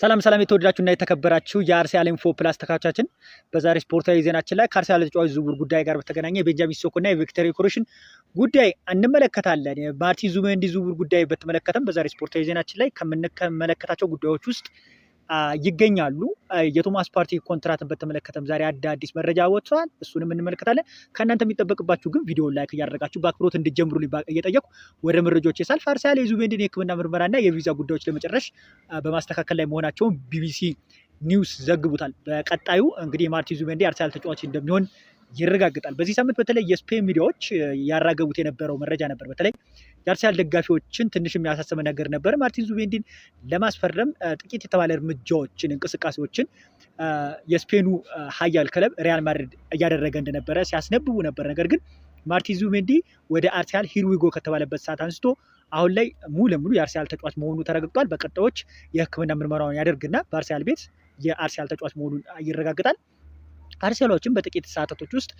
ሰላም ሰላም የተወደዳችሁ እና የተከበራችሁ የአርሰናል ኢንፎ ፕላስ ተካቻችን በዛሬ ስፖርታዊ ዜናችን ላይ ከአርሰናል ተጫዋች ዝውውር ጉዳይ ጋር በተገናኘ የቤንጃሚን ሲስኮ እና የቪክተር ኮሬሽን ጉዳይ እንመለከታለን። ማርቲን ዙቢሜንዲ ዝውውር ጉዳይ በተመለከተም በዛሬ ስፖርታዊ ዜናችን ላይ ከምንመለከታቸው ጉዳዮች ውስጥ ይገኛሉ። የቶማስ ፓርቲ ኮንትራትን በተመለከተም ዛሬ አዳዲስ መረጃ ወጥቷል። እሱንም እንመለከታለን። ከእናንተ የሚጠበቅባችሁ ግን ቪዲዮ ላይክ እያደረጋችሁ በአክብሮት እንድጀምሩ እየጠየቁ ወደ መረጃዎች የሳልፍ አርሰናል የዙቤንዲን የሕክምና ምርመራና የቪዛ ጉዳዮች ለመጨረሽ በማስተካከል ላይ መሆናቸውን ቢቢሲ ኒውስ ዘግቡታል። በቀጣዩ እንግዲህ የማርቲን ዙቤንዲ አርሰናል ተጫዋች እንደሚሆን ይረጋግጣል። በዚህ ሳምንት በተለይ የስፔን ሚዲያዎች ያራገቡት የነበረው መረጃ ነበር። በተለይ የአርሰናል ደጋፊዎችን ትንሽ የሚያሳስበ ነገር ነበር። ማርቲን ዙቤንዲን ለማስፈረም ጥቂት የተባለ እርምጃዎችን፣ እንቅስቃሴዎችን የስፔኑ ሀያል ክለብ ሪያል ማድሪድ እያደረገ እንደነበረ ሲያስነብቡ ነበር። ነገር ግን ማርቲን ዙቤንዲ ወደ አርሰናል ሂርዊጎ ከተባለበት ሰዓት አንስቶ አሁን ላይ ሙሉ ለሙሉ የአርሰናል ተጫዋች መሆኑ ተረጋግጧል። በቀጣዮች የሕክምና ምርመራውን ያደርግና በአርሰናል ቤት የአርሰናል ተጫዋች መሆኑን ይረጋግጣል። ባርሴሎችም በጥቂት ሰዓታቶች ውስጥ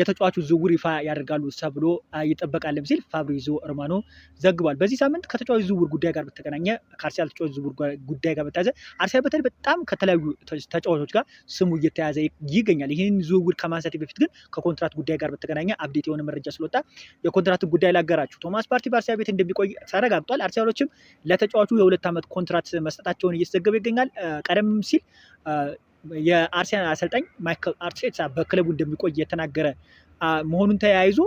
የተጫዋቹ ዝውውር ይፋ ያደርጋሉ ተብሎ ይጠበቃልም ሲል ፋብሪዞ እርማኖ ዘግቧል። በዚህ ሳምንት ከተጫዋቹ ዝውውር ጉዳይ ጋር በተገናኘ ከአርሰናል ተጫዋች ዝውውር ጉዳይ ጋር በተያዘ አርሰናል በተለይ በጣም ከተለያዩ ተጫዋቾች ጋር ስሙ እየተያዘ ይገኛል። ይህን ዝውውር ከማንሳት በፊት ግን ከኮንትራት ጉዳይ ጋር በተገናኘ አብዴት የሆነ መረጃ ስለወጣ የኮንትራትን ጉዳይ ላገራችሁ። ቶማስ ፓርቲ በአርሰናል ቤት እንደሚቆይ ተረጋግጧል። አርሰናሎችም ለተጫዋቹ የሁለት ዓመት ኮንትራት መስጠታቸውን እየተዘገበ ይገኛል። ቀደም ሲል የአርሴናል አሰልጣኝ ማይክል አርቴታ በክለቡ እንደሚቆይ የተናገረ መሆኑን ተያይዞ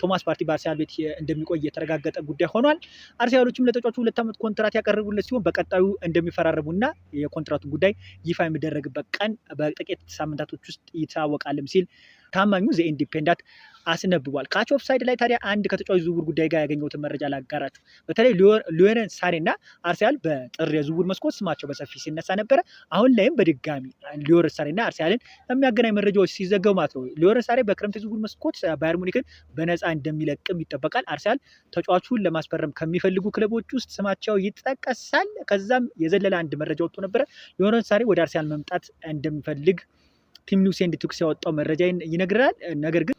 ቶማስ ፓርቲ በአርሴናል ቤት እንደሚቆይ የተረጋገጠ ጉዳይ ሆኗል። አርሴናሎችም ለተጫዋቹ ሁለት ዓመት ኮንትራት ያቀረቡለት ሲሆን በቀጣዩ እና የኮንትራቱ ጉዳይ ይፋ የሚደረግበት ቀን በጥቂት ሳምንታቶች ውስጥ ይታወቃልም ሲል ታማኙ ዘኢንዲፔንዳንት አስነብቧል። ካች ኦፍ ሳይድ ላይ ታዲያ አንድ ከተጫዋች ዝውውር ጉዳይ ጋር ያገኘሁትን መረጃ ላጋራችሁ። በተለይ ሎረን ሳኔ እና አርሰናል በጥር የዝውውር መስኮት ስማቸው በሰፊ ሲነሳ ነበረ። አሁን ላይም በድጋሚ ሎረን ሳኔ እና አርሰናልን የሚያገናኝ መረጃዎች ሲዘገቡ ማለት ነው። ሎረን ሳኔ በክረምት የዝውውር መስኮት ባየር ሙኒክን በነፃ እንደሚለቅም ይጠበቃል። አርሰናል ተጫዋቹን ለማስፈረም ከሚፈልጉ ክለቦች ውስጥ ስማቸው ይጠቀሳል። ከዛም የዘለለ አንድ መረጃ ወጥቶ ነበረ። ሎረን ሳኔ ወደ አርሰናል መምጣት እንደሚፈልግ ቲም ኒውስ ኤንድ ቱክስ ያወጣው መረጃ ይነግራል። ነገር ግን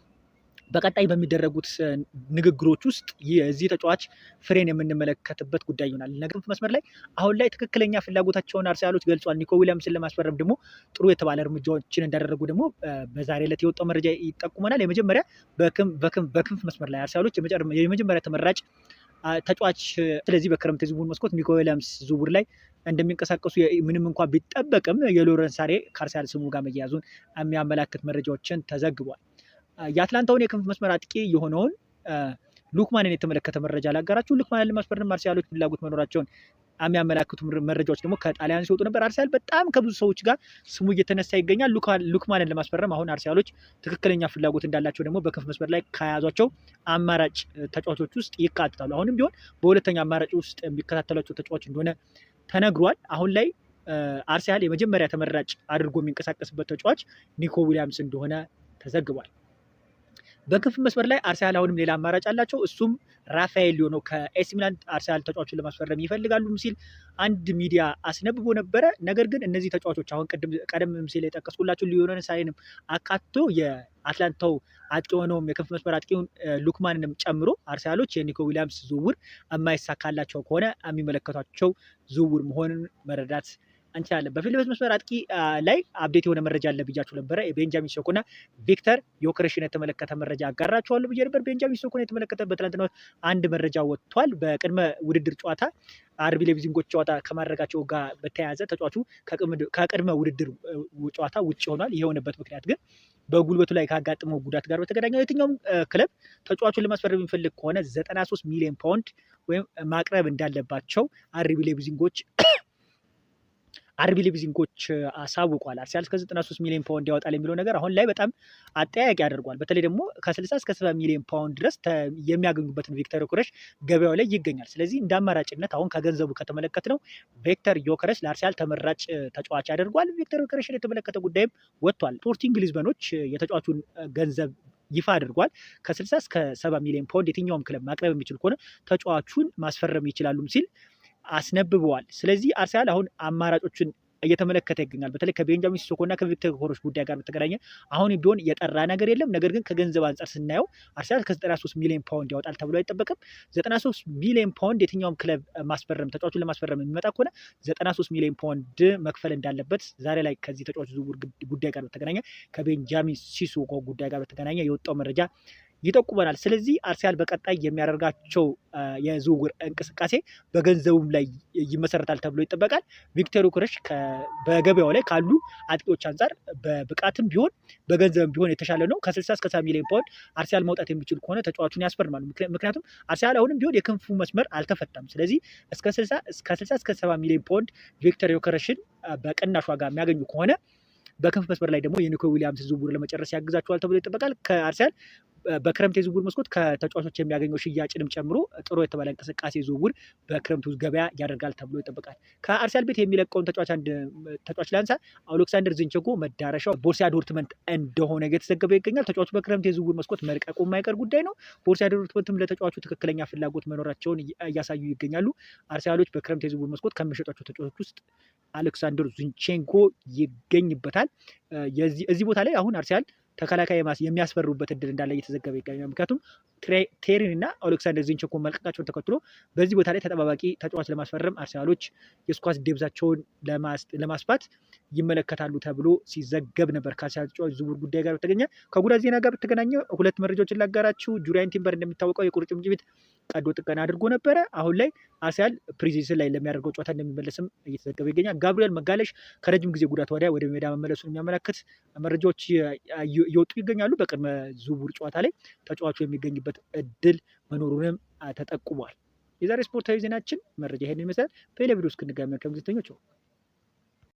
በቀጣይ በሚደረጉት ንግግሮች ውስጥ የዚህ ተጫዋች ፍሬን የምንመለከትበት ጉዳይ ይሆናል። ነገር መስመር ላይ አሁን ላይ ትክክለኛ ፍላጎታቸውን አርሰናሎች ገልጿል። ኒኮ ዊሊያምስን ለማስፈረም ደግሞ ጥሩ የተባለ እርምጃዎችን እንዳደረጉ ደግሞ በዛሬ ዕለት የወጣው መረጃ ይጠቁመናል። የመጀመሪያ በክንፍ መስመር ላይ አርሰናሎች የመጀመሪያ ተመራጭ ተጫዋች ስለዚህ በክረምት ዝውውር መስኮት ኒኮ ዊሊያምስ ዝውውር ላይ እንደሚንቀሳቀሱ ምንም እንኳ ቢጠበቅም የሎረንስ ሳሬ ከአርሰናል ስሙ ጋር መያያዙን የሚያመላክት መረጃዎችን ተዘግቧል። የአትላንታውን የክንፍ መስመር አጥቂ የሆነውን ሉክማንን የተመለከተ መረጃ ላጋራችሁ። ሉክማንን ለማስፈረም አርሰናሎች ፍላጎት መኖራቸውን የሚያመላክቱ መረጃዎች ደግሞ ከጣሊያን ሲወጡ ነበር። አርሰናል በጣም ከብዙ ሰዎች ጋር ስሙ እየተነሳ ይገኛል። ሉክማንን ለማስፈረም አሁን አርሰናሎች ትክክለኛ ፍላጎት እንዳላቸው ደግሞ በክፍ መስመር ላይ ከያዟቸው አማራጭ ተጫዋቾች ውስጥ ይካትታሉ። አሁንም ቢሆን በሁለተኛ አማራጭ ውስጥ የሚከታተሏቸው ተጫዋች እንደሆነ ተነግሯል። አሁን ላይ አርሰናል የመጀመሪያ ተመራጭ አድርጎ የሚንቀሳቀስበት ተጫዋች ኒኮ ዊሊያምስ እንደሆነ ተዘግቧል። በክንፍ መስመር ላይ አርሰናል አሁንም ሌላ አማራጭ አላቸው። እሱም ራፋኤል ሊሆን ነው። ከኤሲ ሚላን አርሰናል ተጫዋቾችን ለማስፈረም ይፈልጋሉ ሲል አንድ ሚዲያ አስነብቦ ነበረ። ነገር ግን እነዚህ ተጫዋቾች አሁን ቀደም ሲል የጠቀስኩላቸው ሊዮነን ሳይንም አካቶ የአትላንታው አጥቂ የሆነውም የክንፍ መስመር አጥቂውን ሉክማንንም ጨምሮ አርሰናሎች የኒኮ ዊሊያምስ ዝውውር የማይሳካላቸው ከሆነ የሚመለከቷቸው ዝውውር መሆኑን መረዳት አንችላለን። በፊት ለፊት መስመር አጥቂ ላይ አብዴት የሆነ መረጃ አለ ብያችሁ ነበረ። የቤንጃሚን ሴኮና ቪክተር ዮክሬሽን የተመለከተ መረጃ አጋራችኋለሁ ብዬ ነበር። ቤንጃሚን ሴኮና የተመለከተ በትናንትናው አንድ መረጃ ወጥቷል። በቅድመ ውድድር ጨዋታ አርቢ ሌቪዚንጎች ጨዋታ ከማድረጋቸው ጋር በተያያዘ ተጫዋቹ ከቅድመ ውድድር ጨዋታ ውጭ ሆኗል። የሆነበት ምክንያት ግን በጉልበቱ ላይ ካጋጠመው ጉዳት ጋር በተገናኘ የትኛውም ክለብ ተጫዋቹን ለማስፈረም የሚፈልግ ከሆነ 93 ሚሊዮን ፓውንድ ወይም ማቅረብ እንዳለባቸው አርቢ ሌቪዚንጎች አርቢ ሊፕዚጎች አሳውቋል። አርሰናል እስከ 93 ሚሊዮን ፓውንድ ያወጣል የሚለው ነገር አሁን ላይ በጣም አጠያያቂ ያደርጓል። በተለይ ደግሞ ከ60 እስከ 70 ሚሊዮን ፓውንድ ድረስ የሚያገኙበትን ቪክተር ዮከረስ ገበያው ላይ ይገኛል። ስለዚህ እንደ አማራጭነት አሁን ከገንዘቡ ከተመለከት ነው ቪክተር ዮከረስ ለአርሲያል ተመራጭ ተጫዋች ያደርጓል። ቪክተር ዮከረስን የተመለከተ ጉዳይም ወጥቷል። ፖርቲንግ ሊዝበኖች የተጫዋቹን ገንዘብ ይፋ አድርጓል። ከ60 እስከ 70 ሚሊዮን ፓውንድ የትኛውም ክለብ ማቅረብ የሚችል ከሆነ ተጫዋቹን ማስፈረም ይችላሉም ሲል አስነብበዋል። ስለዚህ አርሰናል አሁን አማራጮችን እየተመለከተ ይገኛል። በተለይ ከቤንጃሚን ሲሶኮና ከቪክተር ሆሮሽ ጉዳይ ጋር በተገናኘ አሁን ቢሆን የጠራ ነገር የለም። ነገር ግን ከገንዘብ አንጻር ስናየው አርሰናል ከ93 ሚሊዮን ፓውንድ ያወጣል ተብሎ አይጠበቅም። 93 ሚሊዮን ፓውንድ የትኛውም ክለብ ማስፈረም ተጫዋቹን ለማስፈረም የሚመጣ ከሆነ 93 ሚሊዮን ፓውንድ መክፈል እንዳለበት ዛሬ ላይ ከዚህ ተጫዋቹ ዝውውር ጉዳይ ጋር በተገናኘ ከቤንጃሚን ሲሶኮ ጉዳይ ጋር በተገናኘ የወጣው መረጃ ይጠቁመናል። ስለዚህ አርሰናል በቀጣይ የሚያደርጋቸው የዝውውር እንቅስቃሴ በገንዘቡም ላይ ይመሰረታል ተብሎ ይጠበቃል። ቪክተር ዮከረስ በገበያው ላይ ካሉ አጥቂዎች አንጻር በብቃትም ቢሆን በገንዘብም ቢሆን የተሻለ ነው ከስልሳ እስከ 70 ሚሊዮን ፓውንድ አርሰናል መውጣት የሚችል ከሆነ ተጫዋቹን ያስፈርማል። ምክንያቱም አርሰናል አሁንም ቢሆን የክንፉ መስመር አልተፈታም። ስለዚህ እስከ እስከ ሰባ ሚሊዮን ፓውንድ ቪክተር ዮከረስን በቅናሽ ዋጋ የሚያገኙ ከሆነ በክንፍ መስመር ላይ ደግሞ የኒኮ ዊሊያምስ ዝውውር ለመጨረስ ያግዛቸዋል ተብሎ ይጠበቃል። ከአርሰናል በክረምት የዝውውር መስኮት ከተጫዋቾች የሚያገኘው ሽያጭንም ጨምሮ ጥሩ የተባለ እንቅስቃሴ ዝውውር በክረምቱ ገበያ ያደርጋል ተብሎ ይጠበቃል። ከአርሰናል ቤት የሚለቀውን ተጫዋች አንድ ተጫዋች ላንሳ። አሌክሳንደር ዚንቸንኮ መዳረሻው ቦርሲያ ዶርትመንት እንደሆነ እየተዘገበ ይገኛል። ተጫዋቹ በክረምት የዝውውር መስኮት መልቀቁ የማይቀር ጉዳይ ነው። ቦርሲያ ዶርትመንትም ለተጫዋቹ ትክክለኛ ፍላጎት መኖራቸውን እያሳዩ ይገኛሉ። አርሰናሎች በክረምት የዝውውር መስኮት ከሚሸጧቸው ተጫዋቾች ውስጥ አሌክሳንደር ዝንቼንኮ ይገኝበታል። እዚህ ቦታ ላይ አሁን አርሰናል ተከላካይ የሚያስፈሩበት እድል እንዳለ እየተዘገበ ይገኛል። ምክንያቱም ትሬሪን እና አሌክሳንደር ዚንቸኮ መልቀቃቸውን ተከትሎ በዚህ ቦታ ላይ ተጠባባቂ ተጫዋች ለማስፈረም አርሰናሎች የስኳስ ደብዛቸውን ለማስፋት ይመለከታሉ ተብሎ ሲዘገብ ነበር። ከአርሰናል ተጫዋች ዝውውር ጉዳይ ጋር በተገኘ ከጉዳት ዜና ጋር በተገናኘ ሁለት መረጃዎችን ላጋራችሁ። ጁሪያን ቲምበር እንደሚታወቀው የቁርጭምጭሚት ቀዶ ጥገና አድርጎ ነበረ። አሁን ላይ አርሰናል ፕሪዚስን ላይ ለሚያደርገው ጨዋታ እንደሚመለስም እየተዘገበ ይገኛል። ጋብሪኤል መጋለሽ ከረጅም ጊዜ ጉዳት ወዲያ ወደ ሜዳ መመለሱን የሚያመለክት መረጃዎች እየወጡ ይገኛሉ። በቅድመ ዝውውር ጨዋታ ላይ ተጫዋቹ የሚገኝበት የሚያገኙበት እድል መኖሩንም ተጠቁሟል። የዛሬ ስፖርታዊ ዜናችን መረጃ ይሄንን ይመስላል። በሌላ ቪዲዮ እስክንገናኝ መልካም ጊዜ ተኞች።